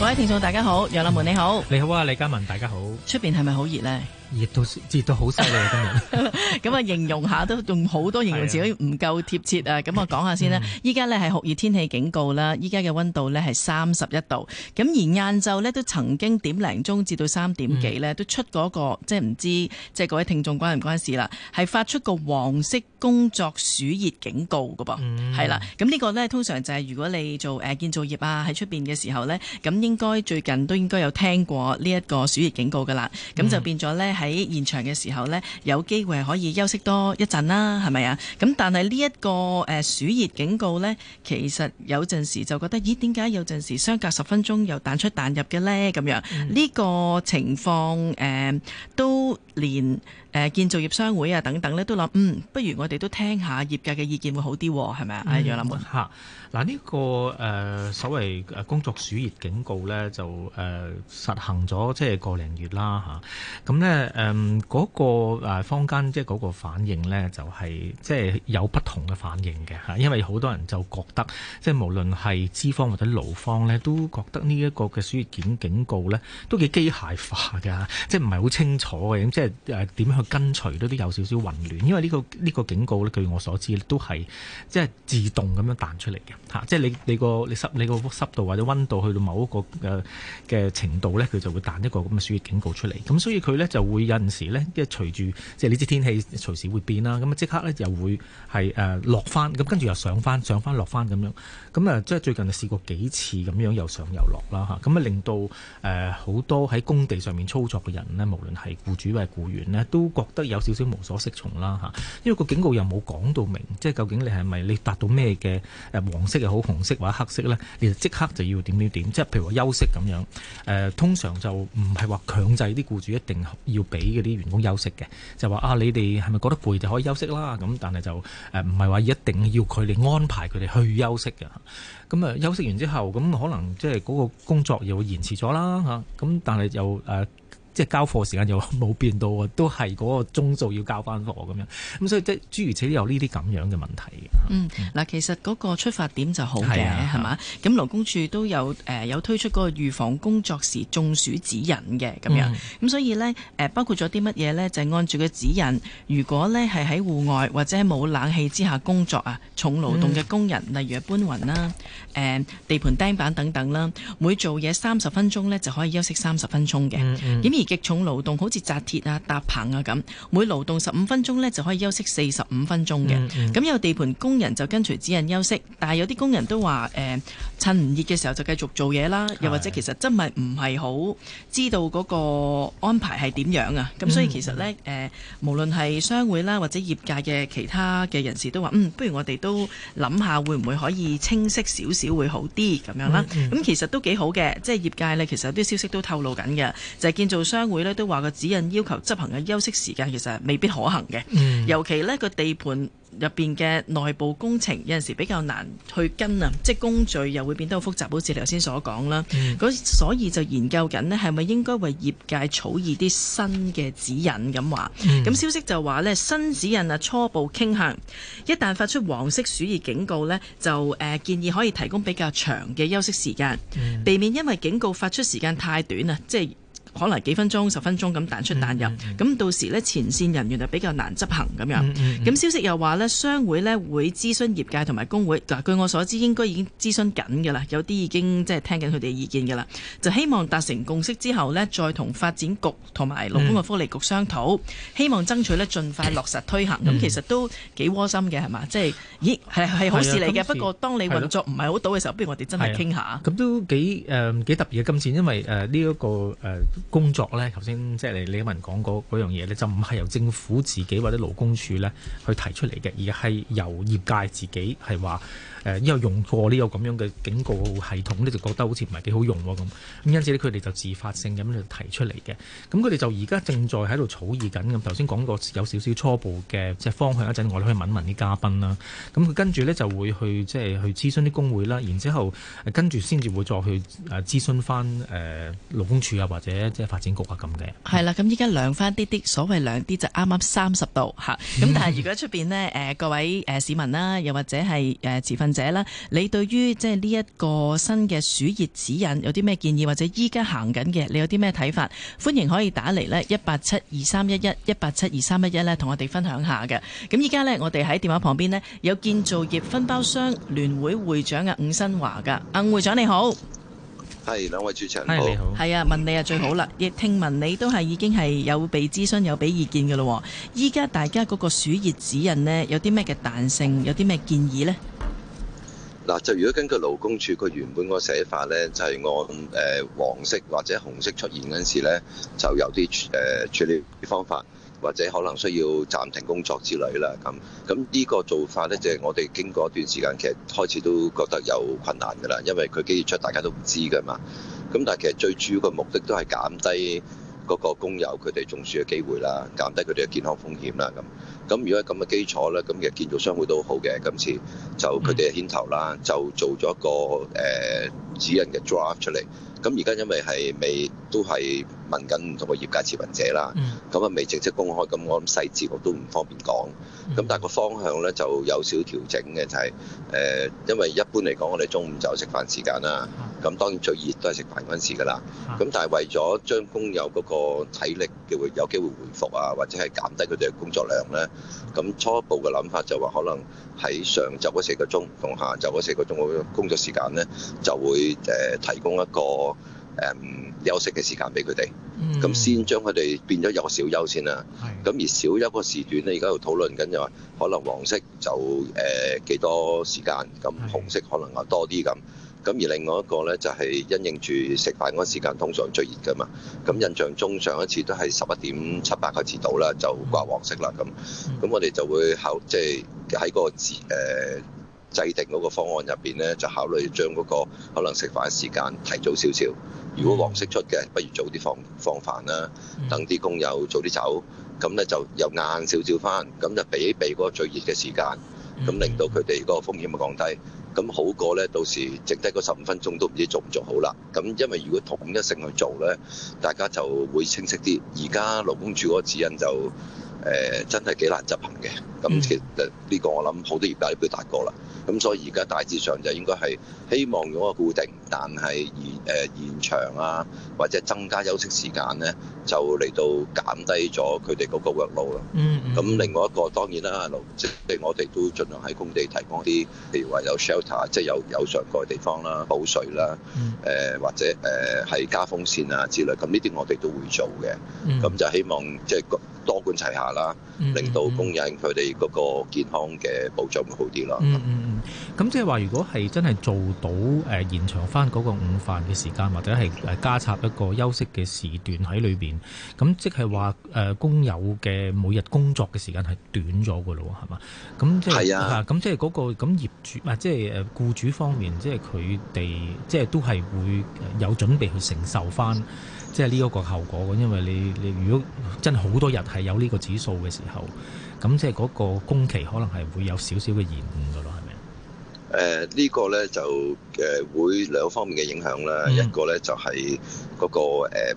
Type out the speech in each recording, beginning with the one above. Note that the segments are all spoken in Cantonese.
各位聽眾大家好，楊立文你好，你好啊李嘉文，大家好，出邊係咪好熱咧？熱到，熱到好犀利今日，， 咁啊形容下都用好多形容詞，唔 夠貼切啊！咁我講下先啦，依家呢係酷熱天氣警告啦，依家嘅溫度呢係三十一度，咁而晏晝呢都曾經點零鐘至到三點幾呢都出嗰個，即係唔知即係各位聽眾關唔關事啦，係發出個黃色工作暑熱警告㗎噃，係啦，咁呢個呢通常就係如果你做、呃、建造業啊喺出邊嘅時候呢，咁應該最近都應該有聽過呢一個暑熱警告㗎啦，咁就變咗呢。 喺現場嘅時候呢，有機會可以休息多一陣啦，係咪啊？咁但係呢一個誒暑熱警告呢，其實有陣時就覺得，咦，點解有陣時相隔十分鐘又彈出彈入嘅呢？咁樣呢、嗯、個情況誒、呃、都連。誒建造業商會啊等等咧，都諗嗯，不如我哋都聽下業界嘅意見會好啲，係咪、嗯、啊？楊林滿嚇嗱，呢、呃、個所謂工作暑熱警告咧，就誒、呃、實行咗即係個零月啦嚇。咁咧誒嗰個坊間即係嗰個反應咧，就係、是、即係有不同嘅反應嘅嚇、啊，因為好多人就覺得即係無論係資方或者勞方咧，都覺得呢一個嘅暑熱警警告咧，都幾機械化嘅，即係唔係好清楚嘅咁，即係誒點樣？跟隨都都有少少混亂，因為呢、這個呢、這個警告咧，據我所知都係即係自動咁樣彈出嚟嘅，嚇、啊！即係你你個你濕你個濕度或者溫度去到某一個嘅嘅、呃、程度咧，佢就會彈一個咁嘅暑熱警告出嚟。咁、啊、所以佢咧就會有陣時咧，即係隨住即係呢啲天氣隨時會變啦。咁啊即刻咧又會係誒落翻，咁跟住又上翻上翻落翻咁樣。咁啊即係最近就試過幾次咁樣又上又落啦嚇。咁啊，啊令到誒好、呃、多喺工地上面操作嘅人咧，無論係僱主或者僱員咧，都覺得有少少無所適從啦嚇，因為個警告又冇講到明，即係究竟你係咪你達到咩嘅誒黃色又好紅色或者黑色咧，你就即刻就要點點點，即係譬如話休息咁樣誒、呃。通常就唔係話強制啲僱主一定要俾嗰啲員工休息嘅，就話啊你哋係咪覺得攰就可以休息啦咁，但係就誒唔係話一定要佢哋安排佢哋去休息嘅。咁、嗯、啊休息完之後，咁可能即係嗰個工作又會延遲咗啦嚇。咁但係又誒。呃即係交貨時間又冇變到啊，都係嗰個鐘數要交翻貨咁樣，咁所以即係諸如此類呢啲咁樣嘅問題嘅。嗯，嗱，其實嗰個出發點就好嘅，係嘛、嗯？咁勞工處都有誒、呃、有推出嗰個預防工作時中暑指引嘅咁樣，咁、嗯、所以呢，誒、呃、包括咗啲乜嘢呢？就係、是、按住個指引，如果呢係喺戶外或者冇冷氣之下工作啊，重勞動嘅工人，嗯、例如搬運啦、誒、呃、地盤釘板等等啦，每做嘢三十分鐘呢，就可以休息三十分鐘嘅。咁、嗯嗯、而極重勞動，好似紮鐵啊、搭棚啊咁，每勞動十五分鐘呢，就可以休息四十五分鐘嘅。咁、嗯嗯嗯、有地盤工人就跟隨指引休息，但係有啲工人都話：誒、呃，趁唔熱嘅時候就繼續做嘢啦。又是或者其實真係唔係好知道嗰個安排係點樣啊？咁、嗯嗯、所以其實呢，誒、呃，無論係商會啦，或者業界嘅其他嘅人士都話：嗯，不如我哋都諗下，會唔會可以清晰少少會好啲咁樣啦？咁其實都幾好嘅，即、就、係、是、業界呢，其實有啲消息都透露緊嘅，就係建造。商會咧都話個指引要求執行嘅休息時間其實係未必可行嘅，嗯、尤其呢個地盤入邊嘅內部工程有陣時比較難去跟啊，即工序又會變得好複雜，好似你頭先所講啦。嗯、所以就研究緊呢係咪應該為業界草擬啲新嘅指引咁話？咁、嗯、消息就話呢，新指引啊，初步傾向一旦發出黃色暑熱警告呢，就誒、呃、建議可以提供比較長嘅休息時間，避免因為警告發出時間太短啊，即係。可能幾分鐘、十分鐘咁彈出彈入，咁、嗯嗯嗯、到時呢，前線人員就比較難執行咁樣。咁、嗯嗯嗯、消息又話呢，商會呢會諮詢業界同埋工會。嗱、啊，據我所知，應該已經諮詢緊㗎啦，有啲已經即係聽緊佢哋嘅意見㗎啦。就希望達成共識之後呢，再同發展局同埋勞工嘅福利局商討，嗯、希望爭取呢盡快落實推行。咁、嗯嗯、其實都幾窩心嘅係嘛？即係、就是，咦係係好事嚟嘅。不過當你運作唔係好到嘅時候，不如、啊哎、我哋真係傾下。咁都幾誒幾特別嘅金錢，因為誒呢一個誒。呃呃這個呃工作呢，頭先即係李李文講過嗰樣嘢呢，就唔係由政府自己或者勞工處呢去提出嚟嘅，而係由業界自己係話。誒，因為用過呢個咁樣嘅警告系統咧，就覺得好似唔係幾好用喎咁。咁因此呢佢哋就自發性咁就提出嚟嘅。咁佢哋就而家正在喺度草擬緊咁。頭先講過有少少初步嘅即係方向，一陣，我哋可以問問啲嘉賓啦。咁佢跟住呢就會去即係去諮詢啲工會啦，然之後跟住先至會再去誒諮詢翻誒勞工處啊，或者即係發展局啊咁嘅。係啦，咁依家兩翻啲啲，所謂兩啲就啱啱三十度嚇。咁但係如果出邊呢，誒、呃、各位誒市民啦，又或者係誒者啦，你對於即係呢一個新嘅暑熱指引有啲咩建議，或者依家行緊嘅，你有啲咩睇法？歡迎可以打嚟咧，一八七二三一一一八七二三一一咧，同我哋分享下嘅。咁依家呢，我哋喺電話旁邊呢，有建造業分包商聯會會長嘅伍新華噶，伍會長你好，係兩位主持人，你好，係啊，問你啊最好啦，亦聽聞你都係已經係有被諮詢，有俾意見噶咯。依家大家嗰個暑熱指引呢，有啲咩嘅彈性，有啲咩建議呢？嗱，就如果根據勞工處佢原本個寫法咧，就係按誒黃色或者紅色出現嗰陣時咧，就有啲誒處理方法，或者可能需要暫停工作之類啦。咁咁呢個做法咧，就係我哋經過一段時間，其實開始都覺得有困難噶啦，因為佢幾月出大家都唔知噶嘛。咁但係其實最主要個目的都係減低。嗰個工友佢哋中暑嘅機會啦，減低佢哋嘅健康風險啦，咁咁如果係咁嘅基礎咧，咁嘅建造商會都好嘅。今次就佢哋牽頭啦，就做咗一個誒、呃、指引嘅 draft 出嚟。咁而家因為係未都係問緊唔同嘅業界持份者啦，咁啊未正式公開，咁我諗細節我都唔方便講。咁但係個方向咧就有少調整嘅，就係、是、誒、呃，因為一般嚟講，我哋中午就食飯時間啦。咁當然最熱都係食飯嗰陣時㗎啦。咁、啊、但係為咗將工友嗰個體力嘅會有機會回復啊，或者係減低佢哋嘅工作量咧，咁初步嘅諗法就話可能喺上晝嗰四個鐘同下晝嗰四個鐘嘅工作時間咧，就會誒、呃、提供一個誒、呃、休息嘅時間俾佢哋。咁、嗯、先將佢哋變咗有小休先啦。咁的而小休嗰時段咧，而家喺度討論緊就話，可能黃色就誒幾、呃、多時間，咁紅色可能又多啲咁。咁而另外一個呢，就係因應住食飯嗰時間通常最熱噶嘛。咁印象中上一次都係十一點七八個字到啦，就掛黃色啦、mm。咁、hmm. 咁我哋就會考即係喺嗰個、呃、制定嗰個方案入邊呢，就考慮將嗰個可能食飯時間提早少少。Mm hmm. 如果黃色出嘅，不如早啲放放飯啦，等啲、mm hmm. 工友早啲走。咁呢，就又晏少少返，咁就避一避嗰個最熱嘅時間，咁令到佢哋嗰個風險啊降低。咁好過咧，到時剩低個十五分鐘都唔知做唔做好啦。咁因為如果統一性去做咧，大家就會清晰啲。而家勞工處嗰指引就誒、呃、真係幾難執行嘅。咁其實呢個我諗好多業界都表達過啦，咁所以而家大致上就應該係希望嗰個固定，但係延誒延長啊，或者增加休息時間咧，就嚟到減低咗佢哋嗰個 work load 啦。嗯。咁另外一個當然啦，即係我哋都盡量喺工地提供啲，譬如話有 shelter，即係有有上蓋地方啦、補水啦，誒或者誒係加風扇啊之類，咁呢啲我哋都會做嘅。嗯。咁就希望即係多管齊下啦，令到工人佢哋。嗰個健康嘅保障會好啲啦。嗯嗯嗯，咁、嗯、即係話，如果係真係做到誒、呃、延長翻嗰個午飯嘅時間，或者係誒加插一個休息嘅時段喺裏邊，咁即係話誒工友嘅每日工作嘅時間係短咗嘅咯，係嘛？咁即係啊，咁、嗯、即係嗰、那個咁業主啊、呃，即係誒僱主方面，即係佢哋即係都係會有準備去承受翻即係呢一個後果嘅，因為你你如果真係好多日係有呢個指數嘅時候。咁即係嗰個工期可能係會有少少嘅延誤噶咯，係咪？誒、呃呢個、呢個咧就誒、呃、會兩方面嘅影響啦，嗯、一個咧就係、係、嗰、嗰個誒、呃、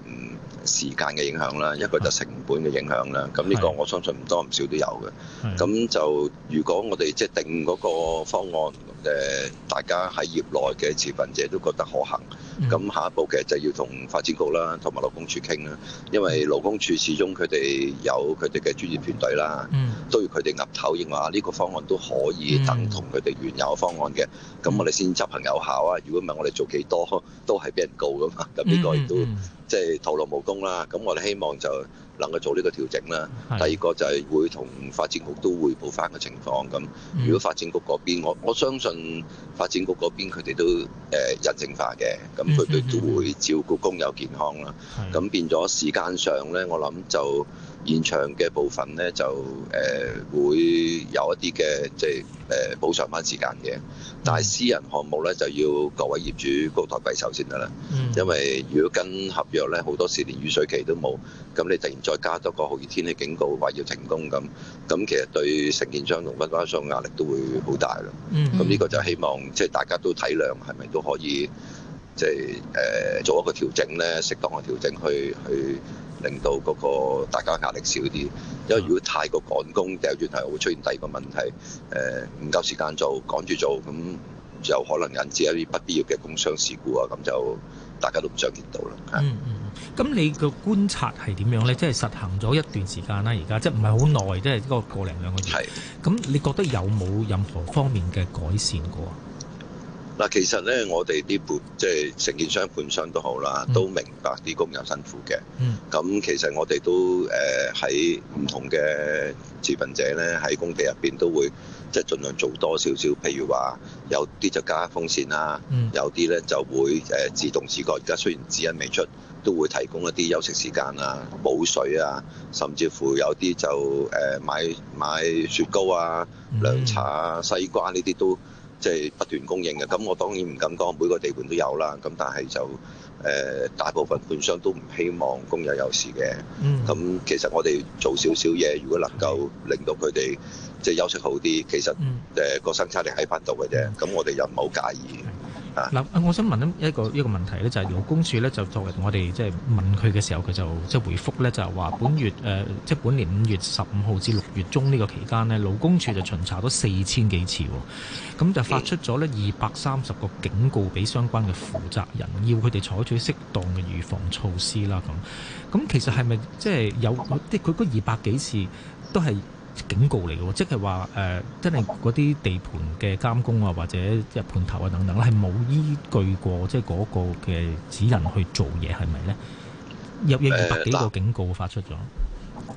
時間嘅影響啦，一個就成本嘅影響啦。咁呢、啊、個我相信唔多唔少都有嘅。咁、啊、就如果我哋即係定嗰個方案，誒、呃、大家喺業內嘅持份者都覺得可行。咁、mm hmm. 下一步其實就係要同發展局啦，同埋勞工處傾啦，因為勞工處始終佢哋有佢哋嘅專業團隊啦，mm hmm. 都要佢哋岌頭認話呢個方案都可以等同佢哋原有嘅方案嘅，咁、mm hmm. 我哋先執行有效啊！如果唔係我哋做幾多都係俾人告噶嘛，咁呢個亦都、mm hmm. 即係徒勞無功啦。咁我哋希望就～能夠做呢個調整啦，是第二個就係會同發展局都彙報返個情況咁。如果發展局嗰邊，嗯、我我相信發展局嗰邊佢哋都誒，呃、人性化嘅，咁佢哋都會照顧工友健康啦。咁，嗯嗯嗯嗯，變咗時間上咧，我諗就。現場嘅部分呢，就誒、呃、會有一啲嘅即係誒補償翻時間嘅，但係私人項目呢，就要各位業主高抬貴手先得啦，因為如果跟合約呢，好多時連雨水期都冇，咁你突然再加多個好熱天氣警告話要停工咁，咁其實對承建商同分包商壓力都會好大啦。咁呢個就希望即係、即係、大家都體諒，係咪都可以即係、即係呃、做一個調整呢？適當嘅調整去去。令到嗰個大家壓力少啲，因為如果太過趕工，掉轉頭會出現第二個問題。誒、呃，唔夠時間做，趕住做，咁就可能引致一啲不必要嘅工傷事故啊。咁就大家都唔想見到啦、嗯。嗯嗯，咁你嘅觀察係點樣咧？即係實行咗一段時間啦、啊，而家即係唔係好耐，即係嗰個零兩個月。係咁是，你覺得有冇任何方面嘅改善過？嗱，其實咧，我哋啲盤即係承建商、盤商都好啦，都明白啲工人辛苦嘅。咁、mm. 嗯、其實我哋都誒喺唔同嘅持份者咧，喺工地入邊都會即係盡量做多少少。譬如話有啲就加風扇啊，mm. 有啲咧就會誒、呃、自動自覺。而家雖然指引未出，都會提供一啲休息時間啊、補水啊，甚至乎有啲就誒、呃、買買雪糕啊、涼茶啊、西瓜呢啲都。即係不斷供應嘅，咁我當然唔敢講每個地盤都有啦。咁但係就誒、呃，大部分盤商都唔希望工友有事嘅。咁、mm. 其實我哋做少少嘢，如果能夠令到佢哋即係休息好啲，其實誒個、mm. 呃、生產力喺返度嘅啫。咁我哋又唔好介意。嗱，啊，我想問一個一個問題咧，就係、是、勞工處咧，就昨日我哋即係問佢嘅時候，佢就即係回覆咧，就係話本月誒，即、呃、係本年五月十五號至六月中呢個期間咧，勞工處就巡查咗四千幾次，咁、哦、就發出咗咧二百三十個警告俾相關嘅負責人，要佢哋採取適當嘅預防措施啦。咁、嗯，咁其實係咪即係有即係佢嗰二百幾次都係？警告嚟嘅喎，即係話誒，真係嗰啲地盤嘅監工啊，或者判頭啊等等啊，係冇依據過即係嗰個嘅指引去做嘢係咪咧？有有二百幾個警告發出咗。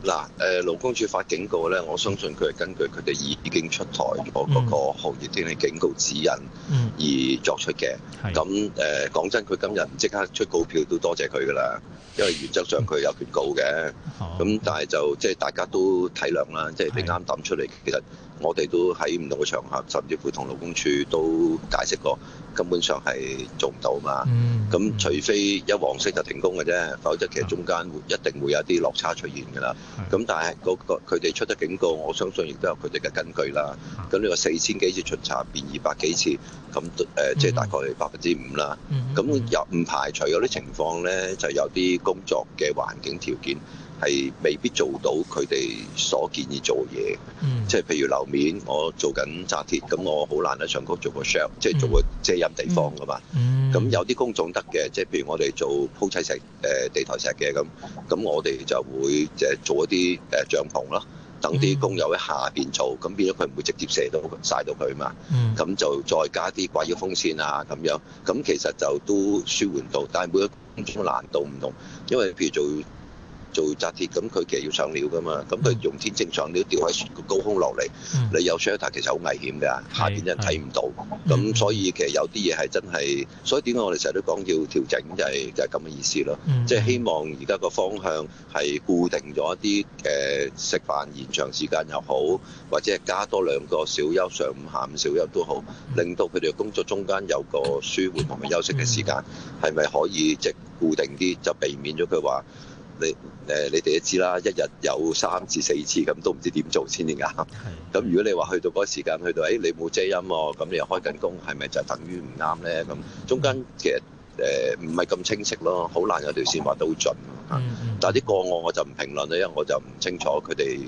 嗱，誒勞工、呃、處發警告呢，我相信佢係根據佢哋已已經出台咗嗰個行業天氣警告指引而作出嘅。咁誒講真，佢今日唔即刻出告票都多謝佢㗎喇，因為原則上佢有權告嘅。咁、嗯哦、但係就即係大家都體諒啦，即係你啱抌出嚟，嗯、其實。我哋都喺唔同嘅場合，甚至乎同勞工處都解釋過，根本上係做唔到嘛。咁、mm hmm. 除非一黃色就停工嘅啫，否則其實中間會一定會有啲落差出現㗎啦。咁、mm hmm. 但係嗰佢哋出得警告，我相信亦都有佢哋嘅根據啦。咁你話四千幾次巡查變二百幾次，咁誒即係大概係百分之五啦。咁又唔排除有啲情況呢，就有啲工作嘅環境條件。係未必做到佢哋所建議做嘢，嗯、即係譬如樓面，我做緊紮鐵，咁我好難喺上高做個 shade，嗯、即係做個遮陰地方噶嘛。咁、嗯、有啲工種得嘅，即係譬如我哋做鋪砌石、誒、呃、地台石嘅咁，咁我哋就會即係做一啲誒帳篷咯，等啲工友喺下邊做，咁變咗佢唔會直接射到晒到佢嘛。咁、嗯、就再加啲掛啲風扇啊咁樣，咁其實就都舒緩到，但係每一個工種難度唔同，因為譬如做。做紮鐵咁，佢其實要上料㗎嘛，咁佢用天正上料吊喺高空落嚟，你有 shelter 其實好危險㗎，下邊人睇唔到，咁所以其實有啲嘢係真係，所以點解我哋成日都講要調整，就係就係咁嘅意思咯。即係希望而家個方向係固定咗一啲誒食飯延長時間又好，或者係加多兩個小休，上午下午小休都好，令到佢哋工作中間有個舒緩同埋休息嘅時間，係咪可以即係固定啲，就避免咗佢話？你誒你哋都知啦，一日有三至四次，咁都唔知點做先啱。咁 如果你話去到嗰時間，去到誒、哎、你冇遮音喎、哦，咁你又開緊工，係咪就是等於唔啱呢？咁中間其實誒唔係咁清晰咯，好難有條線話到盡。嚇、嗯！嗯、但係啲個案我就唔評論啦，因為我就唔清楚佢哋。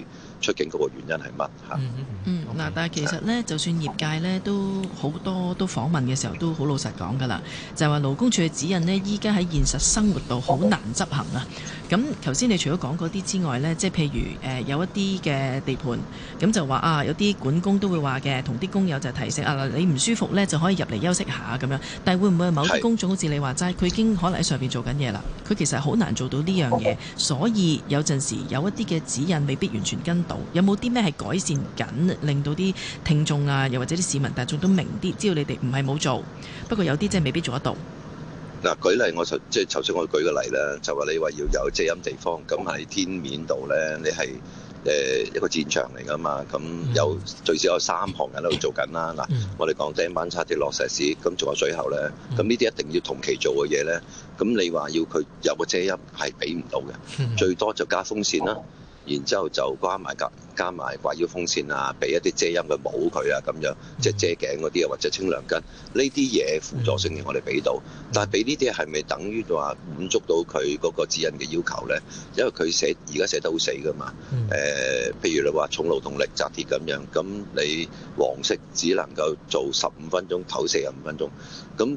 出境嗰個原因係乜？嗯嗯嗱，Okay. 但係其實呢，就算業界咧都好多都訪問嘅時候都好老實講㗎啦，就係話勞工處嘅指引呢，依家喺現實生活度好難執行啊。咁頭先你除咗講嗰啲之外呢，即係譬如誒、呃、有一啲嘅地盤，咁就話啊有啲管工都會話嘅，同啲工友就提醒啊你唔舒服呢就可以入嚟休息下咁樣。但係會唔會某啲工種好似你話齋，佢已經可能喺上面做緊嘢啦，佢其實好難做到呢樣嘢，oh. oh. 所以有陣時有一啲嘅指引未必完全，完全跟。有冇啲咩係改善緊，令到啲聽眾啊，又或者啲市民大眾都明啲，知道你哋唔係冇做，不過有啲即係未必做得到。嗱，舉例我就即係頭先我舉個例啦，就話你話要有遮陰地方，咁係天面度咧，你係誒一個戰場嚟噶嘛，咁有最少有三行人喺度做緊啦。嗱，我哋講釘板、紮鐵、落石屎，咁做喺最後咧，咁呢啲一定要同期做嘅嘢咧，咁你話要佢有個遮陰係俾唔到嘅，最多就加風扇啦。然之後就加埋夾加埋掛腰風扇啊，俾一啲遮陰嘅帽佢啊，咁樣即係遮頸嗰啲啊，或者清涼巾呢啲嘢輔助性嘅，我哋俾到，但係俾呢啲係咪等於話滿足到佢嗰個指引嘅要求呢？因為佢寫而家寫得好死㗎嘛。誒、嗯呃，譬如你話重勞動力紮鐵咁樣，咁你黃色只能夠做十五分鐘，唞四十五分鐘，咁。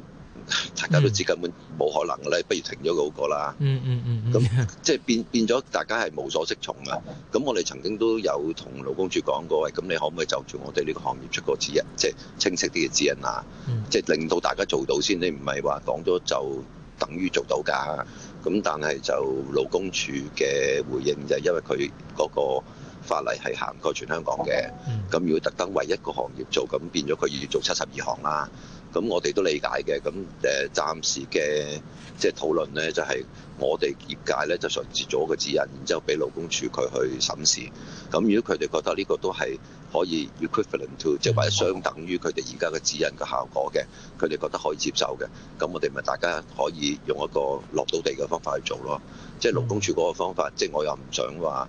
大家都知根本冇可能咧，不如停咗好過啦。嗯嗯嗯。咁即係變變咗，大家係無所適從啊！咁 我哋曾經都有同勞工處講過，喂，咁你可唔可以就住我哋呢個行業出個指引，即係清晰啲嘅指引啊？即係令到大家做到先，你唔係話講咗就等於做到㗎。咁但係就勞工處嘅回應就係因為佢嗰個法例係行過全香港嘅。咁如果特登為一個行業做，咁變咗佢要做七十二行啦。咁我哋都理解嘅，咁誒暫時嘅即係討論呢，就係、是、我哋業界呢，就嘗試做個指引，然之後俾勞工處佢去審視。咁如果佢哋覺得呢個都係可以 equivalent to，即係話相等於佢哋而家嘅指引嘅效果嘅，佢哋覺得可以接受嘅，咁我哋咪大家可以用一個落到地嘅方法去做咯。即係勞工處嗰個方法，即係我又唔想話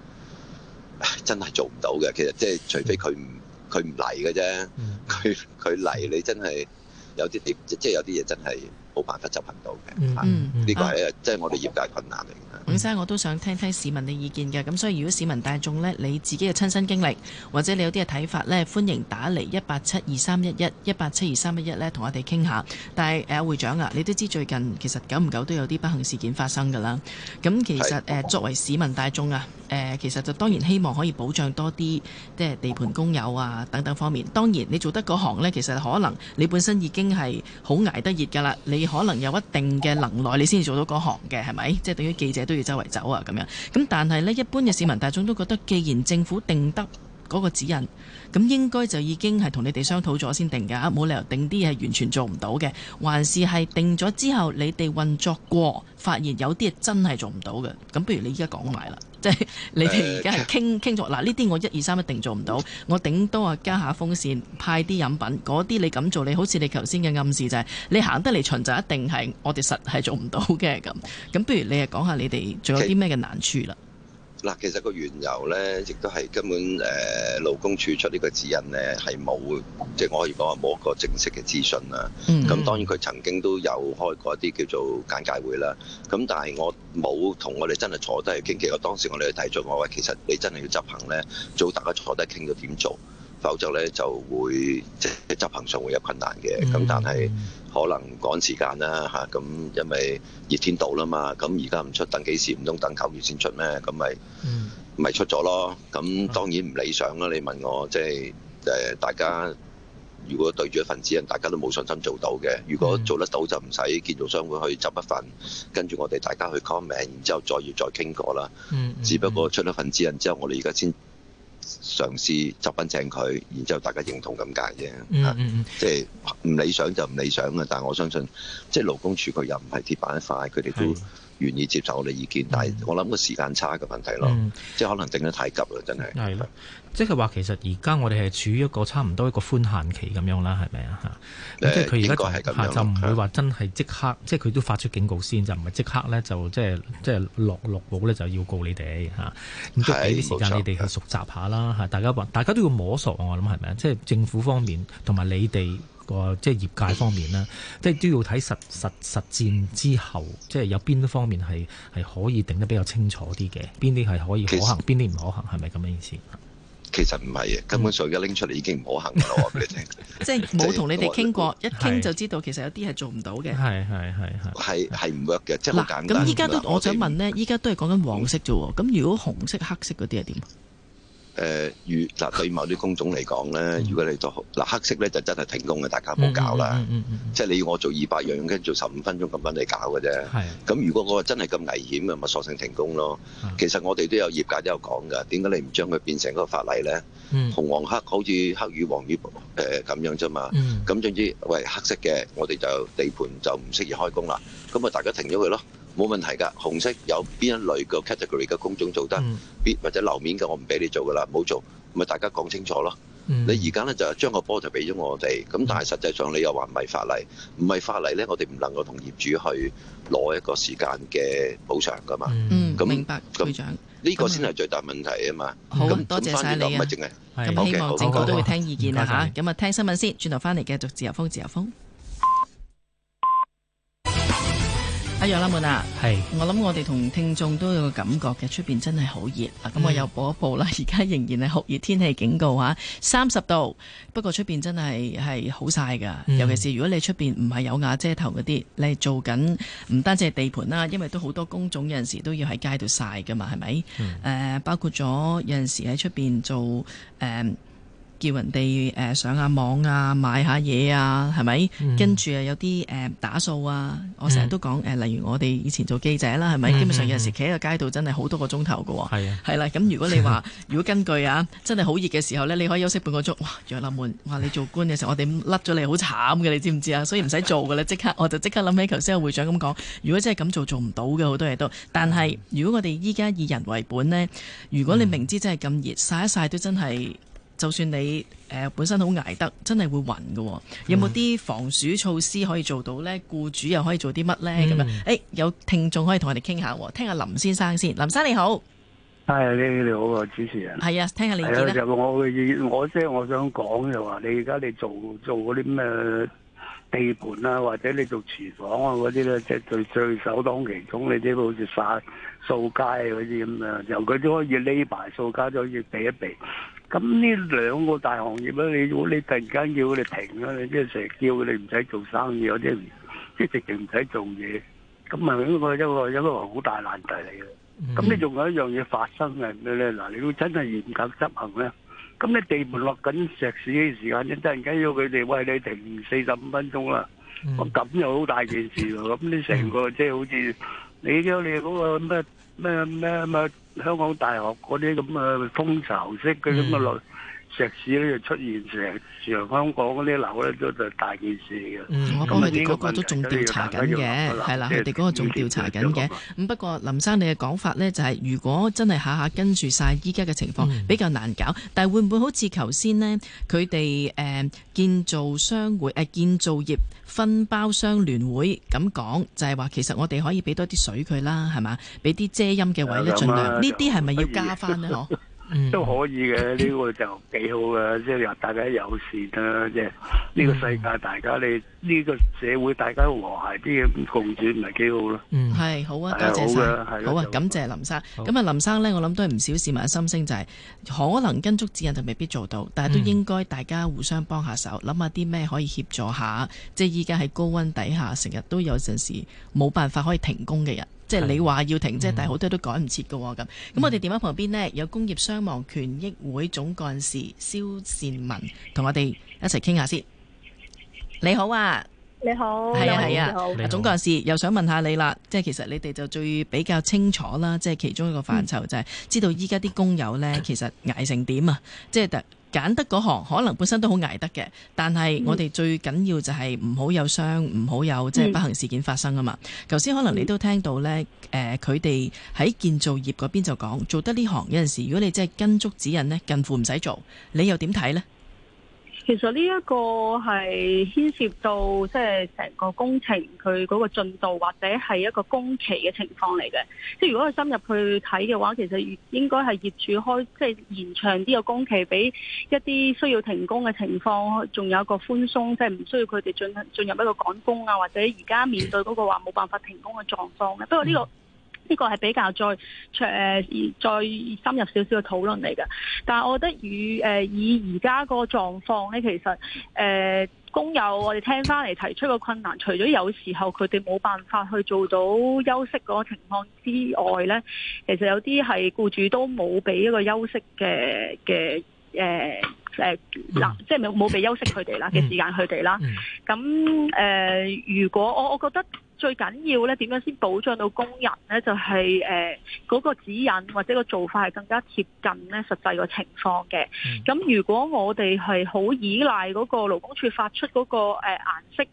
真係做唔到嘅。其實即係除非佢佢唔嚟嘅啫，佢佢嚟你真係。有啲點，即係有啲嘢真係。冇辦法執行到嘅、嗯，嗯，呢、嗯、個係即係我哋業界困難嚟嘅。伍生、嗯，嗯、我都想聽聽市民嘅意見嘅，咁所以如果市民大眾呢，你自己嘅親身經歷或者你有啲嘅睇法呢，歡迎打嚟一八七二三一一一八七二三一一呢，同我哋傾下。但係誒會長啊，你都知最近其實久唔久都有啲不幸事件發生㗎啦。咁其實誒是、呃、作為市民大眾啊，誒、呃、其實就當然希望可以保障多啲，即係地盤工友啊等等方面。當然,當然你做得嗰行呢，其實可能你本身已經係好捱得熱㗎啦，你。可能有一定嘅能耐，你先至做到嗰行嘅，係咪？即係等於記者都要周圍走啊，咁樣。咁但係呢，一般嘅市民大眾都覺得，既然政府定得。嗰個指引，咁應該就已經係同你哋商討咗先定嘅，冇理由定啲嘢係完全做唔到嘅，還是係定咗之後你哋運作過，發現有啲嘢真係做唔到嘅。咁不如你而家講埋啦。即係你哋而家係傾傾咗，嗱呢啲我一二三一定做唔到，我頂多啊加下風扇，派啲飲品，嗰啲你咁做，好你好似你頭先嘅暗示就係、是、你行得嚟巡就一定係我哋實係做唔到嘅咁。咁不如你誒講下你哋仲有啲咩嘅難處啦？嗱，其實個緣由咧，亦都係根本誒、呃、勞工處出呢個指引咧，係冇，即、就、係、是、我可以講話冇一個正式嘅資訊啦。咁、mm hmm. 當然佢曾經都有開過一啲叫做簡介會啦。咁但係我冇同我哋真係坐低去傾偈。其實我當時我哋去睇咗，我話其實你真係要執行咧，最好大家坐低傾到點做。否則咧就會即係執行上會有困難嘅，咁、mm hmm. 但係可能趕時間啦、啊、嚇，咁、啊、因為熱天到啦嘛，咁而家唔出等幾時？唔通等九月先出咩？咁咪咪出咗咯。咁當然唔理想啦、啊。你問我即係誒、呃，大家如果對住一份指引，大家都冇信心做到嘅。如果做得到就唔使建造商會去執一份，跟住我哋大家去 comment，然之後再要再傾過啦。Mm hmm. 只不過出一份指引之後，我哋而家先。嘗試執翻正佢，然之後大家認同咁解啫。即係唔理想就唔理想嘅，但係我相信，即係勞工處佢又唔係鐵板一塊，佢哋都。Mm hmm. 願意接受我哋意見，但係我諗個時間差嘅問題咯，嗯、即係可能整得太急啦，真係。係咯的，是即係話其實而家我哋係處於一個差唔多一個寬限期咁樣啦，係咪啊？嚇、嗯，即係佢而家嚇就唔會話真係即刻，的即係佢都發出警告先，就唔係即刻咧就即係即係落綠簿咧就要告你哋嚇。咁都俾啲時間錯你哋去熟習下啦嚇，大家話大家都要摸索我諗係咪啊？即係政府方面同埋你哋、嗯。個即係業界方面啦，即係都要睇實實實戰之後，即係有邊方面係係可以定得比較清楚啲嘅，邊啲係可以可行，邊啲唔可行，係咪咁嘅意思？其實唔係嘅，根本上而家拎出嚟已經唔可行啦， 我覺得。即係冇同你哋傾過，我一傾就知道其實有啲係做唔到嘅。係係係係係唔 work 嘅，即係好簡單咁啦。咁依家都我，們我想問呢，依家都係講緊黃色啫喎，咁、嗯、如果紅色、黑色嗰啲係點？誒、呃，如嗱對某啲工種嚟講咧，嗯、如果你做嗱黑色咧就真係停工嘅，大家唔好搞啦。嗯嗯嗯嗯、即係你要我做二百樣，跟住做十五分鐘咁樣嚟搞嘅啫。係的。咁如果我真係咁危險嘅，咪索性停工咯。的其實我哋都有業界都有講㗎，點解你唔將佢變成嗰個法例咧？嗯。紅黃黑好似黑與黃與。誒咁、呃、樣啫嘛，咁、嗯、總之，喂，黑色嘅我哋就地盤就唔適宜開工啦，咁咪大家停咗佢咯，冇問題㗎。紅色有邊一類嘅 category 嘅工種做得，B、嗯、或者樓面嘅我唔俾你做㗎啦，唔好做，咁咪大家講清楚咯。嗯、你而家咧就係將個波就俾咗我哋，咁但係實際上你又話唔係法例，唔係法例咧，我哋唔能夠同業主去攞一個時間嘅補償㗎嘛。嗯，咁明白，會長。呢個先係最大問題啊嘛。嗯、咁好、啊、多謝晒，你、啊。咁希望政府都會聽意見啊嚇。咁啊，啊謝謝啊聽新聞先，轉頭翻嚟繼續自由風，自由風。一樣啦，滿啊！係，我諗我哋同聽眾都有個感覺嘅，出邊真係好熱啊！咁我又報一報啦，而家仍然係酷熱天氣警告吓，三、啊、十度。不過出邊真係係好曬噶，嗯、尤其是如果你出邊唔係有瓦遮頭嗰啲，你係做緊唔單止係地盤啦，因為都好多工種有陣時都要喺街度曬噶嘛，係咪？誒、嗯呃，包括咗有陣時喺出邊做誒。呃叫人哋誒上下網啊，買下嘢啊，係咪？跟住啊，有啲誒、呃、打掃啊。我成日都講誒，嗯、例如我哋以前做記者啦，係咪？嗯嗯、基本上有陣時企喺個街道真係好多個鐘頭噶喎。係啊、嗯，啦、嗯。咁如果你話， 如果根據啊，真係好熱嘅時候呢，你可以休息半個鐘。哇！楊立門，哇！你做官嘅時候，我哋甩咗你好慘嘅，你知唔知啊？所以唔使做㗎喇，即刻我就即刻諗起頭先阿會長咁講。如果真係咁做，做唔到嘅好多嘢都。但係如果我哋依家以人為本呢，如果你明知真係咁熱，曬一曬都真係。曬就算你誒、呃、本身好捱得，真係會暈㗎。有冇啲防暑措施可以做到咧？僱主又可以做啲乜咧？咁、mm hmm. 樣誒、欸，有聽眾可以同我哋傾下，聽下林先生先。林先生你好，係你好啊，主持人。係啊，聽下你意見啦。入我嘅意，我即係我，我想講就話、是，你而家你做做嗰啲咩地盤啊，或者你做廚房啊嗰啲咧，即係最最首當其衝。你知好似洗掃、掃、掃街嗰啲咁樣，由佢都可以匿埋掃街，都可以避一避。咁呢兩個大行業咧，你如果你突然間叫佢哋停啦，即係成日叫佢哋唔使做生意，有啲即係直情唔使做嘢，咁啊一個一個一個好大難題嚟嘅。咁、嗯、你仲有一樣嘢發生係咩咧？嗱，你要真係嚴格執行咧，咁你地盤落緊石屎嘅時間，你突然間要佢哋喂，你停四十五分鐘啦，哇咁又好大件事喎！咁、嗯、你成個即係好似你叫你嗰、嗰個咩咩咩香港大學嗰啲咁啊風潮式嘅咁啊類。石屎呢度出現成成香港嗰啲樓咧都就大件事嘅。嗯，咁佢哋個個都仲調查緊嘅，係啦、嗯，佢哋嗰個仲調查緊嘅。咁、嗯、不過林生你嘅講法咧就係、是，如果真係下下跟住晒依家嘅情況比較難搞，嗯、但係會唔會好似頭先呢？佢哋誒建造商會誒建造業分包商聯會咁講，就係、是、話其實我哋可以俾多啲水佢啦，係嘛？俾啲遮陰嘅位咧，儘量呢啲係咪要加翻呢？嗬？ 都可以嘅，呢個就幾好嘅，即係話大家有事啦，即係呢個世界，大家你呢個社會，大家和諧啲共處，唔係幾好咯。嗯，係好啊，多謝晒。好啊，感謝林生。咁啊，林生呢，我諗都係唔少市民嘅心聲，就係可能跟足指引就未必做到，但係都應該大家互相幫下手，諗下啲咩可以協助下。即係依家喺高溫底下，成日都有陣時冇辦法可以停工嘅人。即係你話要停，即係、嗯，但係好多都趕唔切噶咁。咁我哋電話旁邊呢，有工業傷亡權益會總幹事蕭倩文，同我哋一齊傾下先。你好啊，你好，係啊，係好啊，啊好總幹事又想問下你啦。即係其實你哋就最比較清楚啦。即係其中一個範疇就係知道依家啲工友呢，其實挨成點啊。嗯、即係特。揀得嗰行可能本身都好捱得嘅，但係我哋最緊要，要，要就係唔好有傷，唔好有即係不幸事件發生啊嘛。頭先、嗯、可能你都聽到呢，誒、呃，佢哋喺建造業嗰邊就講做得呢行有陣時，如果你真係跟足指引呢，近乎唔使做。你又點睇呢？其實呢一個係牽涉到即係成個工程佢嗰個進度或者係一個工期嘅情況嚟嘅。即係如果佢深入去睇嘅話，其實應該係業主開即係、就是、延長啲嘅工期，俾一啲需要停工嘅情況，仲有一個寬鬆，即係唔需要佢哋進進入一個趕工啊，或者而家面對嗰個話冇辦法停工嘅狀況咧。不過呢個呢個係比較再誒再深入少少嘅討論嚟嘅，但係我覺得以誒以而家個狀況咧，其實誒、呃、工友我哋聽翻嚟提出嘅困難，除咗有時候佢哋冇辦法去做到休息嗰個情況之外咧，其實有啲係僱主都冇俾一個休息嘅嘅誒誒，即係冇冇俾休息佢哋啦嘅時間佢哋啦。咁誒、呃，如果我我覺得。最緊要咧點樣先保障到工人咧？就係誒嗰個指引或者個做法係更加貼近咧實際個情況嘅。咁如果我哋係好依賴嗰個勞工處發出嗰、那個誒、呃、顏色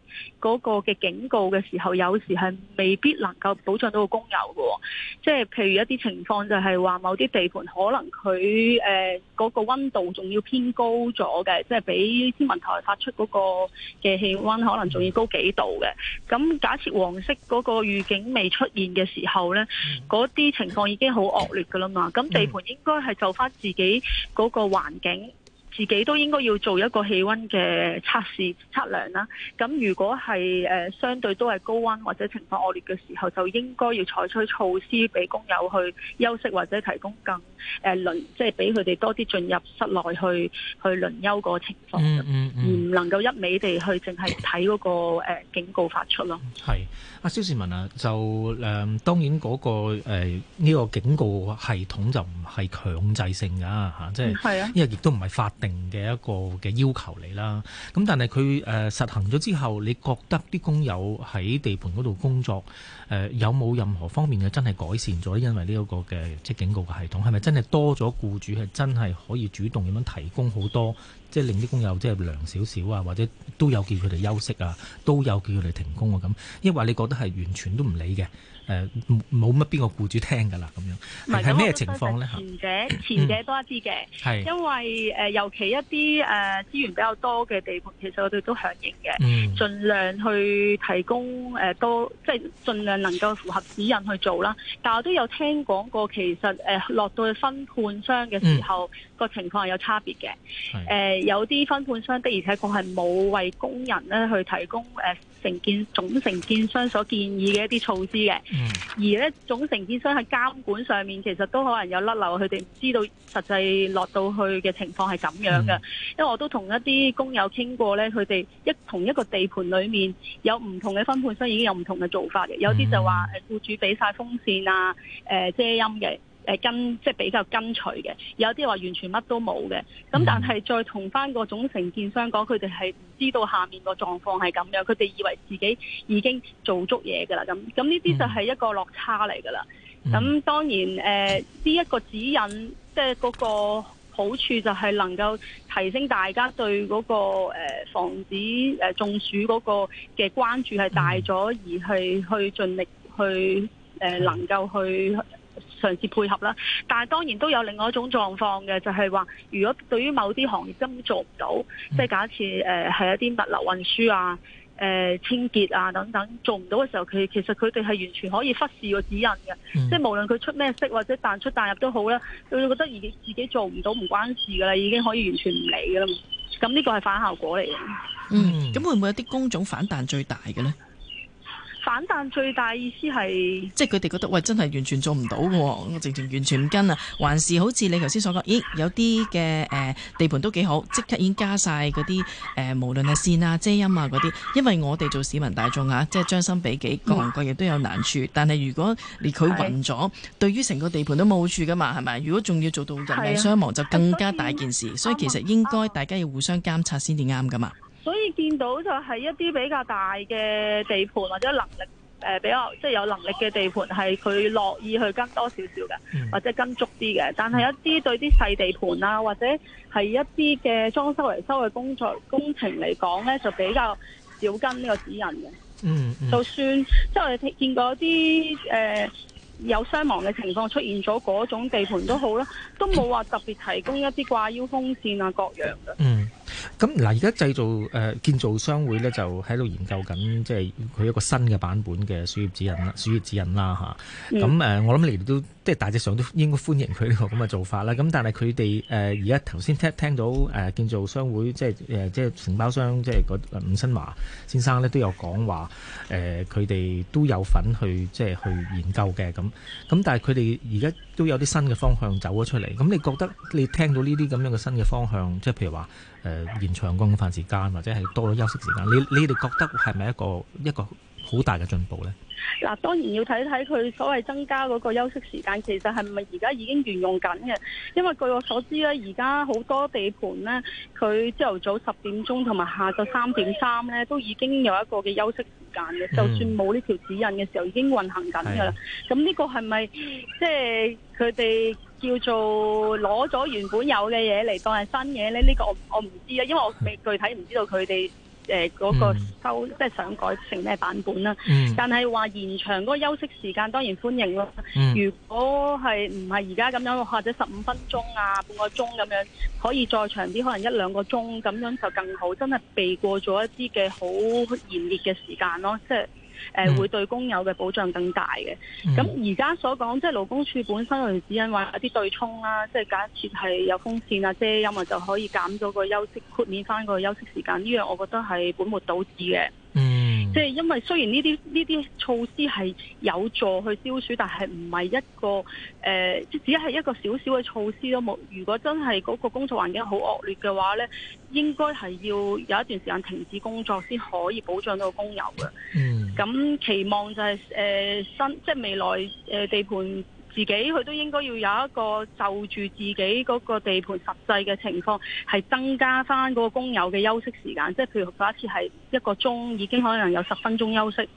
嗰個嘅警告嘅時候，有時係未必能夠保障到個工友嘅、哦。即係譬如一啲情況就係話某啲地盤可能佢誒嗰個温度仲要偏高咗嘅，即係比天文台發出嗰個嘅氣温可能仲要高幾度嘅。咁假設黃識嗰個預警未出現嘅時候呢，嗰啲情況已經好惡劣㗎喇嘛。咁地盤應該係就返自己嗰個環境，自己都應該要做一個氣温嘅測試測量啦。咁如果係誒相對都係高温或者情況惡劣嘅時候，就應該要採取措施，俾工友去休息或者提供更誒輪、呃，即係俾佢哋多啲進入室內去去輪休嗰個情況，嗯嗯嗯，而唔能夠一味地去淨係睇嗰個警告發出咯。係。 阿蕭倩文啊，就誒、呃、當然嗰、那個呢、呃這個警告系統就唔係強制性㗎嚇、啊，即係、啊、因為亦都唔係法定嘅一個嘅要求嚟啦。咁但係佢誒實行咗之後，你覺得啲工友喺地盤嗰度工作誒、呃、有冇任何方面嘅真係改善咗？因為呢、這、一個嘅即係警告嘅系統，係咪真係多咗僱主係真係可以主動咁樣提供好多？即係令啲工友即係涼少少啊，或者都有叫佢哋休息啊，都有叫佢哋停工啊咁，抑或你覺得係完全都唔理嘅？誒，冇乜邊個僱主聽噶啦，咁樣係咩是情況咧？前者前者多一啲嘅，係、嗯、因為誒、呃，尤其一啲誒資源比較多嘅地盤，其實我哋都響應嘅，盡量去提供誒多、呃，即係盡量能夠符合指引去做啦。但係我都有聽講過，其實誒、呃、落到去分判商嘅時候，個情況係有差別嘅。誒，有啲分判商的，而且確係冇為工人咧去提供誒。呃成建總承建商所建議嘅一啲措施嘅，而咧總承建商喺監管上面其實都可能有甩漏，佢哋唔知道實際落到去嘅情況係咁樣嘅。因為我都同一啲工友傾過咧，佢哋一同一個地盤裡面有唔同嘅分判商已經有唔同嘅做法嘅，有啲就話誒僱主俾晒風扇啊，誒、呃、遮陰嘅。誒跟即係比較跟隨嘅，有啲話完全乜都冇嘅，咁但係再同翻個總承建商講，佢哋係唔知道下面個狀況係咁樣，佢哋以為自己已經做足嘢噶啦，咁咁呢啲就係一個落差嚟噶啦。咁當然誒呢一個指引，即係嗰個好處就係能夠提升大家對嗰個誒防止誒中暑嗰個嘅關注係大咗，而去去盡力去誒、呃、能夠去。嘗試配合啦，但係當然都有另外一種狀況嘅，就係、是、話如果對於某啲行業根本做唔到，即係、嗯、假設誒係一啲物流運輸啊、誒、呃、清潔啊等等做唔到嘅時候，佢其實佢哋係完全可以忽視個指引嘅，嗯、即係無論佢出咩色或者彈出彈入好都好啦，佢會覺得自己做唔到唔關事噶啦，已經可以完全唔理噶啦嘛，咁呢個係反效果嚟嘅。嗯，咁、嗯、會唔會有啲工種反彈最大嘅呢？反彈最大意思係，即係佢哋覺得喂，真係完全做唔到嘅，我直情完全唔跟啊，還是好似你頭先所講，咦有啲嘅誒地盤都幾好，即刻已經加晒嗰啲誒，無論係線啊遮陰啊嗰啲，因為我哋做市民大眾啊，即係將心比己，各行各業都有難處，嗯、但係如果連佢暈咗，的對於成個地盤都冇好處㗎嘛，係咪？如果仲要做到人命傷亡，的就更加大件事，所以其實應該大家要互相監察先至啱㗎嘛。所以見到就係一啲比較大嘅地盤或者能力誒、呃、比較即係有能力嘅地盤，係佢樂意去跟多少少嘅，嗯、或者跟足啲嘅。但係一啲對啲細地盤啊，或者係一啲嘅裝修維修嘅工作工程嚟講呢就比較少跟呢個指引嘅、嗯。嗯，就算即係、就是、我哋見過啲誒、呃、有傷亡嘅情況出現咗，嗰種地盤都好啦，都冇話特別提供一啲掛腰風扇啊各樣嘅、嗯。嗯。咁嗱，而家製造誒、呃、建造商會咧，就喺度研究緊，即係佢一個新嘅版本嘅暑熱指引啦，暑熱指引啦、啊、嚇。咁、啊、誒、嗯呃，我諗你哋都即係大致上都應該歡迎佢呢個咁嘅做法啦。咁但係佢哋誒而家頭先聽聽到誒、呃、建造商會即係誒、呃、即係承包商即係個伍新華先生咧都有講話誒，佢、呃、哋都有份去即係去研究嘅咁。咁但係佢哋而家都有啲新嘅方向走咗出嚟。咁你覺得你聽到呢啲咁樣嘅新嘅方向，即係譬如話？誒、呃、延長工飯時間或者係多咗休息時間，你你哋覺得係咪一個一個好大嘅進步呢？嗱，當然要睇睇佢所謂增加嗰個休息時間，其實係咪而家已經沿用緊嘅？因為據我所知咧，而家好多地盤咧，佢朝頭早十點鐘同埋下晝三點三咧，都已經有一個嘅休息。間嘅，就算冇呢條指引嘅時候，已經運行緊噶啦。咁呢個係咪即係佢哋叫做攞咗原本有嘅嘢嚟當係新嘢咧？呢個我我唔知啊，因為我未具體唔知道佢哋。誒嗰、嗯呃嗰個即係想改成咩版本啦，嗯、但係話延長嗰個休息時間當然歡迎啦。嗯、如果係唔係而家咁樣，或者十五分鐘啊、半個鐘咁樣，可以再長啲，可能一兩個鐘咁樣就更好。真係避過咗一啲嘅好嚴烈嘅時間咯，即係。誒、mm hmm. 會對工友嘅保障更大嘅，咁而家所講即係勞工處本身只因為一啲對沖啦，即係假設係有風扇啊遮陰啊就可以減咗個休息豁免翻個休息時間，呢樣我覺得係本末倒置嘅。嗯、mm。Hmm. 即係因為雖然呢啲呢啲措施係有助去消暑，但係唔係一個即、呃、只係一個少少嘅措施都冇。如果真係嗰個工作環境好惡劣嘅話咧，應該係要有一段時間停止工作先可以保障到工友嘅。嗯，咁期望就係、是、誒、呃、新即係未來誒、呃、地盤。自己佢都應該要有一個就住自己嗰個地盤實際嘅情況，係增加翻嗰個工友嘅休息時間，即係譬如假設係一個鐘已經可能有十分鐘休息，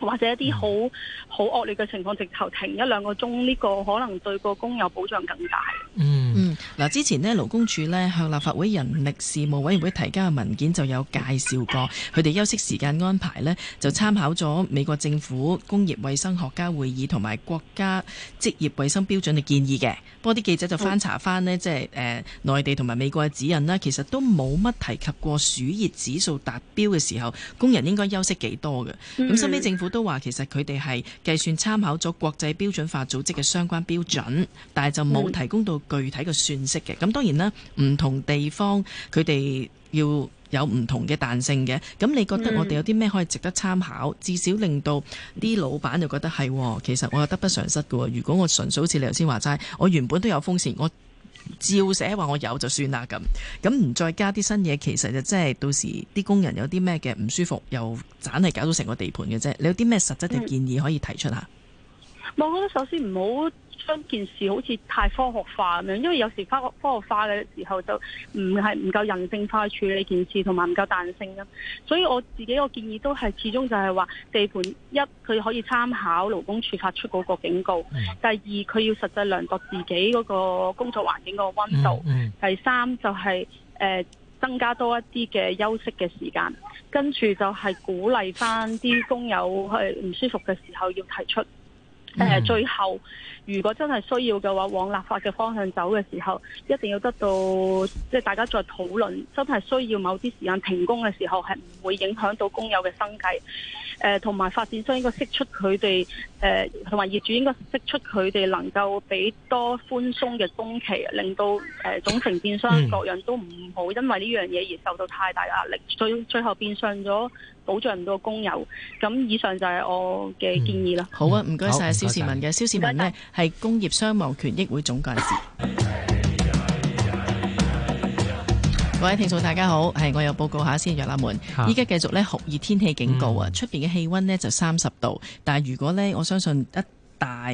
或者一啲好好惡劣嘅情況直頭停一兩個鐘，呢個可能對個工友保障更大。嗯嗯，嗱，之前咧勞工處咧向立法會人力事務委員會提交嘅文件就有介紹過佢哋休息時間安排咧，就參考咗美國政府工業衛生學家會議同埋國家職業衛生標準嘅建議嘅。不過啲記者就翻查翻咧，好即係誒、呃、內地同埋美國嘅指引啦，其實都冇乜提及過暑熱指數達標嘅時候工人應該休息幾多嘅。咁收尾政府都話其實佢哋係計算參考咗國際標準化組織嘅相關標準，嗯、但係就冇提供到具體。個算式嘅，咁當然啦，唔同地方佢哋要有唔同嘅彈性嘅。咁你覺得我哋有啲咩可以值得參考？嗯、至少令到啲老闆就覺得係， 其實我又得不償失嘅。如果我純粹好似你頭先話齋，我原本都有風扇，我照寫話我有就算啦。咁咁唔再加啲新嘢，其實就真係到時啲工人有啲咩嘅唔舒服，又盞係搞到成個地盤嘅啫。你有啲咩實質嘅建議可以提出下？嗯、我覺得首先唔好。將件事好似太科學化咁樣，因為有時科學科學化嘅時候就唔係唔夠人性化去處理件事，同埋唔夠彈性咯。所以我自己個建議都係始終就係話地盤一，佢可以參考勞工處發出嗰個警告；第二，佢要實際量度自己嗰個工作環境嗰個温度；嗯嗯、第三就係、是、誒、呃、增加多一啲嘅休息嘅時間，跟住就係鼓勵翻啲工友係唔舒服嘅時候要提出。誒、呃，嗯嗯、最後。如果真係需要嘅話，往立法嘅方向走嘅時候，一定要得到即係大家再討論，真係需要某啲時間停工嘅時候，係唔會影響到工友嘅生計。同、呃、埋發展商應該釋出佢哋同埋業主應該釋出佢哋能夠俾多寬鬆嘅工期，令到誒、呃、總承建商各人都唔好因為呢樣嘢而受到太大壓力，最最後變相咗保障唔到工友。咁以上就係我嘅建議啦、嗯。好啊，唔該晒蕭倩文嘅，蕭倩文咧。謝謝。係工業傷亡權益會總幹事， 各位聽眾大家好，係我又報告下先，約納門，依家繼續咧酷熱天氣警告啊！出邊嘅氣溫呢就三十度，但係如果呢，我相信一大。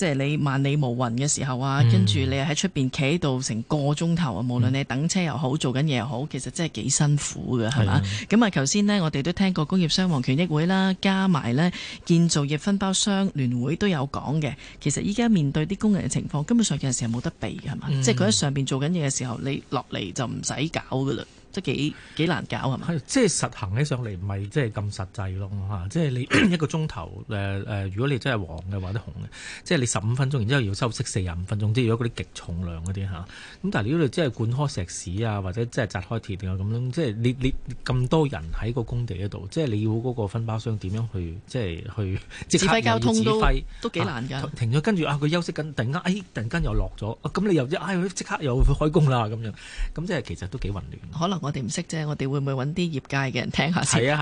即係你萬里無雲嘅時候啊，跟住、嗯、你又喺出邊企喺度成個鐘頭啊，無論你等車又好、嗯、做緊嘢又好，其實真係幾辛苦㗎，係嘛、嗯？咁啊，頭先呢，我哋都聽過工業商皇權益會啦，加埋呢建造業分包商聯會都有講嘅。其實依家面對啲工人嘅情況，根本上有陣時係冇得避㗎，係嘛？嗯、即係佢喺上邊做緊嘢嘅時候，你落嚟就唔使搞㗎喇。即係幾幾難搞係嘛？即係實行起上嚟唔係即係咁實際咯嚇、啊，即係你一個鐘頭誒誒，如果你真係黃嘅或者紅嘅，即係你十五分鐘，然之後要休息四十五分鐘。即係如果嗰啲極重量嗰啲嚇，咁、啊、但係如果你真係灌開石屎啊，或者真係紮開鐵啊咁樣，即係你你咁多人喺個工地嗰度，即係你要嗰個分包商點樣去即係去即刻要要交通都都幾難㗎、啊。停咗跟住啊，佢休息緊，突然間哎，突然間又落咗，咁、啊、你又即、哎、刻又去開工啦咁樣，咁即係其實都幾混亂。可能。.我哋唔識啫，我哋會唔會揾啲業界嘅人聽下先？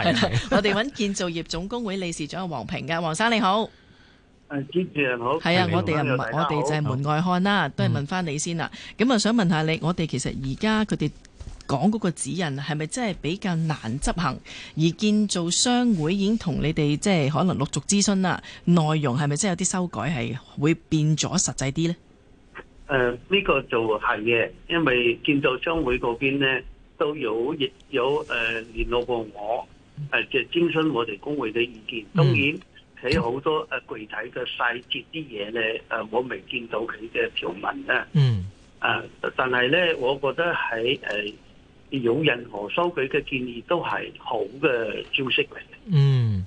我哋揾建造業總工會理事長黃平嘅，黃生你好。主持人、啊、好。係啊，我哋啊，我哋就係門外漢啦，好都係問翻你先啦。咁、嗯、啊，想問下你，我哋其實而家佢哋講嗰個指引係咪真係比較難執行？而建造商會已經同你哋即係可能陸續諮詢啦，內容係咪真係有啲修改係會變咗實際啲呢？呢、呃，這個就係、是、嘅，因為建造商會嗰邊呢。都有亦有誒、呃、聯絡過我，誒即係徵詢我哋工會嘅意見。嗯、當然喺好多誒具體嘅細節啲嘢咧，誒、呃、我未見到佢嘅條文咧。嗯，誒、呃，但係咧，我覺得喺誒、呃、有任何收佢嘅建議都係好嘅招式嚟。嗯，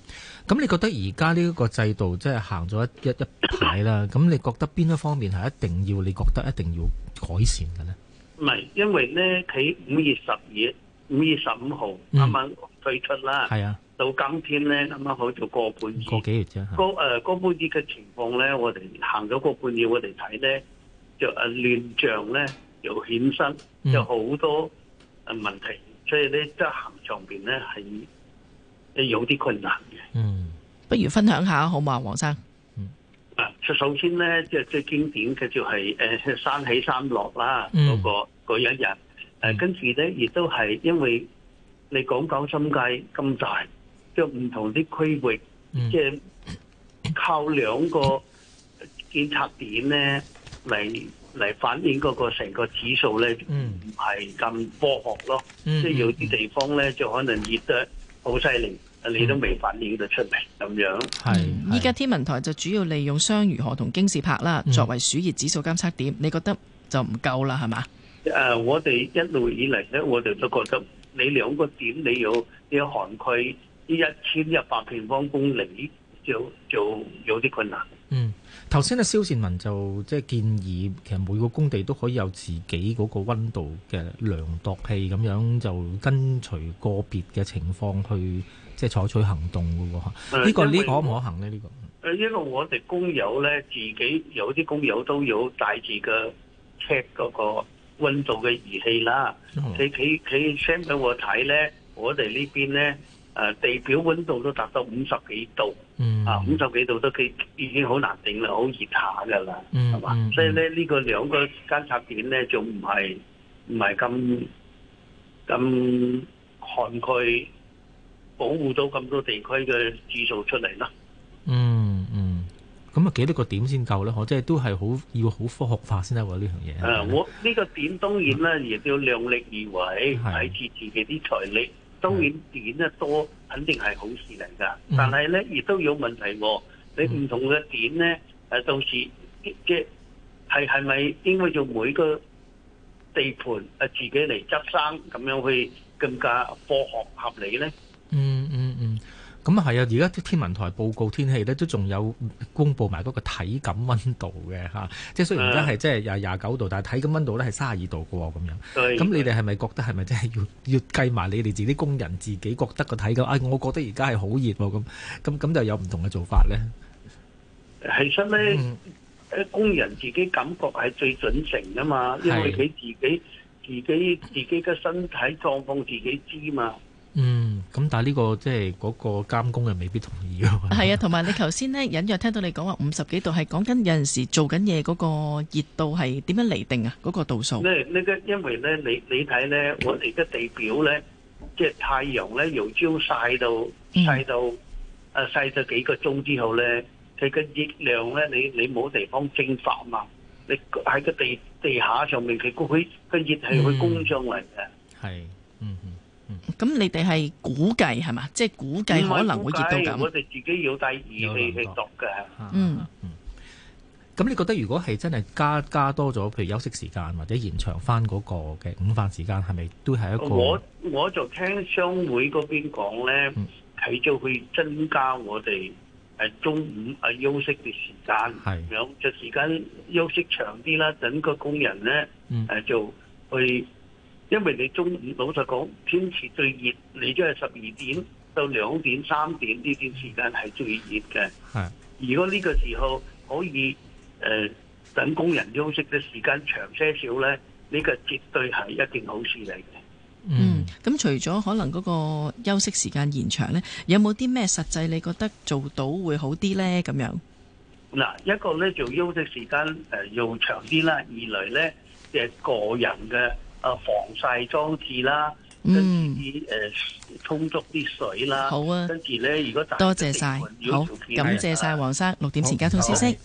咁你覺得而家呢一個制度即係行咗一一,一,一排啦，咁 你覺得邊一方面係一定要？你覺得一定要改善嘅咧？唔係，因為咧，佢五月十二、五月十五號啱啱推出啦，係、嗯、啊，到今天咧，啱啱好就過個半個幾月啫。嗰誒嗰半個月嘅情況咧，我哋行咗個半月，我哋睇咧就誒亂象咧又衍生，就好多誒問題，嗯、所以咧執行上面咧係誒有啲困難嘅。嗯，不如分享下好嘛，黃生。啊！首先咧，即係最經典嘅就係、是、誒、呃、三起三落啦，嗰、mm. 嗰個嗰一日。誒、呃、跟住咧，亦都係因為你講講深界咁大，即唔同啲區域，即係、mm. 靠兩個檢測點咧嚟嚟反映嗰個成個指數咧，唔係咁科學咯。Mm. 即係有啲地方咧，就可能熱得好犀利。你、嗯、都未反映得出嚟，咁樣係。依家、嗯、天文台就主要利用雙魚河同京士柏啦，嗯、作為暑熱指數監測點。你覺得就唔夠啦，係嘛？誒，我哋一路以嚟呢，我哋都覺得你兩個點，你要要涵蓋呢一千一百平方公里，就就有啲困難。嗯，頭先咧，蕭倩文就即係建議，其實每個工地都可以有自己嗰個溫度嘅量度器，咁樣就跟隨個別嘅情況去。即係採取行動嘅呢個呢個可唔可行咧？呢個，誒，因為我哋工友咧，自己有啲工友都有帶住個 check 嗰個溫度嘅儀器啦，oh. 你佢佢 send 俾我睇咧，我哋呢邊咧，誒、呃、地表溫度都達到五十幾度，mm hmm. 啊五十幾度都幾已經好難定啦，好熱下噶啦，係嘛？所以咧呢、呢個兩個監察點咧，仲唔係唔係咁咁旱區？保護到咁多地區嘅指數出嚟啦，嗯。嗯嗯，咁啊幾多個點先夠咧？我即係都係好要好科學化先得喎呢樣嘢。啊，我呢、這個點當然咧，亦都要量力而為，睇住、嗯、自，自己啲財力。當然點得多，肯定係好事嚟噶。嗯，但係咧，亦都有問題喎，啊。嗯，你唔同嘅點咧，誒，到時即係係咪應該就每個地盤誒自己嚟執生咁樣去更加科學合理咧？嗯嗯嗯，咁啊係啊！而家啲天文台報告天氣咧，都仲有公布埋嗰個體感溫度嘅吓，即、啊、係雖然真係即係廿廿九度，但係體感溫度咧係三十二度嘅喎，咁樣。對。咁你哋係咪覺得係咪真係要要計埋你哋自己工人自己覺得個體感？啊、哎，我覺得而家係好熱喎，咁咁咁就有唔同嘅做法咧。其實咧，誒、嗯，工人自己感覺係最準誠㗎嘛，因為佢自己是自己自己嘅身體狀況自己知嘛。嗯，咁但係、這、呢個即係嗰個監工嘅未必同意咯。係啊， 同埋你頭先咧隱約聽到你講話五十幾度係講緊有陣時做緊嘢嗰個熱度係點樣嚟定啊？嗰、那個度數因為咧，你你睇咧，我哋嘅地表咧，即係太陽咧，由朝曬到曬到誒曬咗幾個鐘之後咧，佢嘅熱量咧，你你冇地方蒸發嘛？你喺個地地下上面上，佢焗起個熱係會攻上嚟嘅，係。咁你哋係估計係咪？即係估計可能會接到咁。我哋自己要帶儀器去讀嘅。嗯，咁你覺得如果係真係加加多咗，譬如休息時間或者延長翻嗰個嘅午飯時間，係咪都係一個？我我就聽商會嗰邊講咧，佢、嗯、就去增加我哋誒中午誒休息嘅時間，咁樣是就時間休息長啲啦，等個工人咧誒、嗯啊、就去。是因為你中午老實講天時最熱，你即係十二點到兩點、三點呢段時間係最熱嘅。係的。如果呢個時候可以誒、呃、等工人休息嘅時間長些少咧，呢、這個絕對係一件好事嚟嘅。嗯，咁、嗯、除咗可能嗰個休息時間延長咧，有冇啲咩實際你覺得做到會好啲咧？咁樣嗱，一個咧就休息時間誒要、呃、長啲啦，二嚟咧即係個人嘅。啊！防曬裝置啦，嗯，跟住，呃，充足啲水啦，好啊，跟住咧如果多謝晒。如果好，感謝晒黃生好，六點前交通消息。